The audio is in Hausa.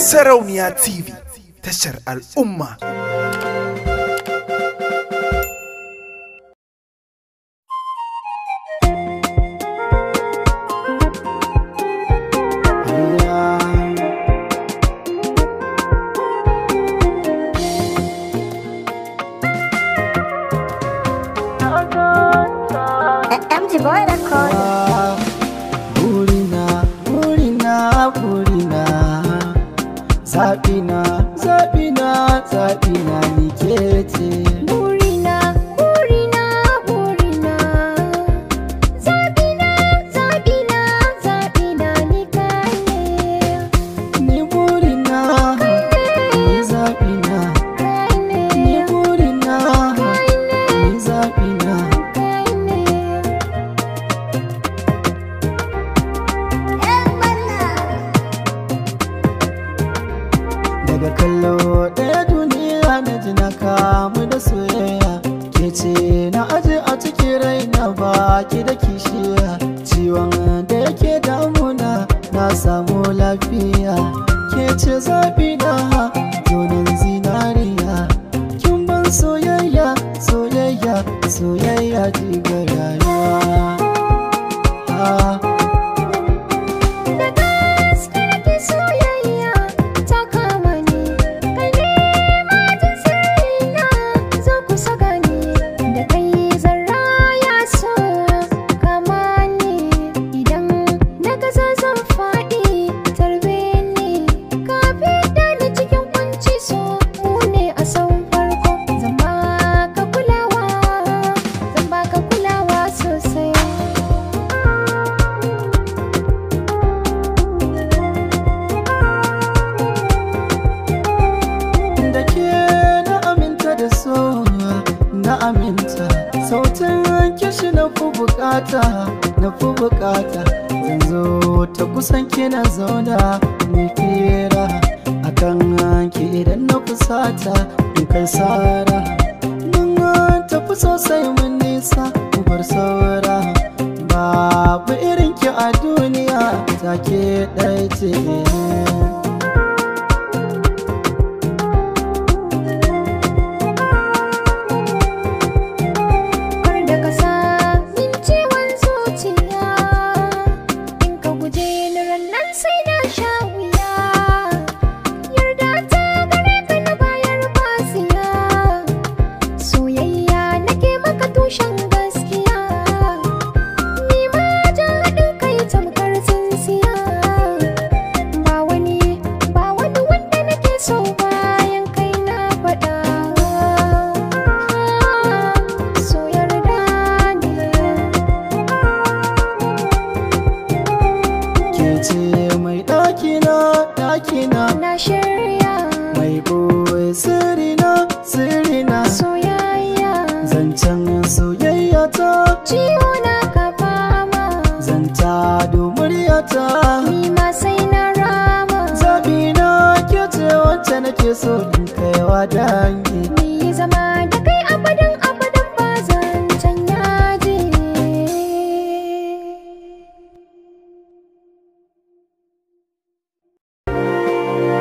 Sarauniya TV tashar al'umma. MG Boy zaɓina zaɓina zaɓina ni ke ce daga kallo ɗaya duniya na ji na kamu da soyayya ke ce na aje a cikin raina baki da kishiya ciwon da yake damuna na samu lafiya ke ce zafi na donin zinariya kin ban soyayya soyayya soyayya ji ga rayuwa ah. na aminta sautin kishi na fi bukata na fi bukata ta kusan kina zauna mai fira akan hanki idan na fusata in kai sara mun tafi sosai mun nisa bar saura babu ki a duniya take ɗaya ce Ke ce mai ɗakina ɗakina Na shirya Mai ɓoye sirina sirina Soyayya Zancen soyayya ta Ciwo na ka fama Zanta do muryata Ni ma sai na rama Zaɓi na ke ce wacce nake so in kaiwa dangi Ni zama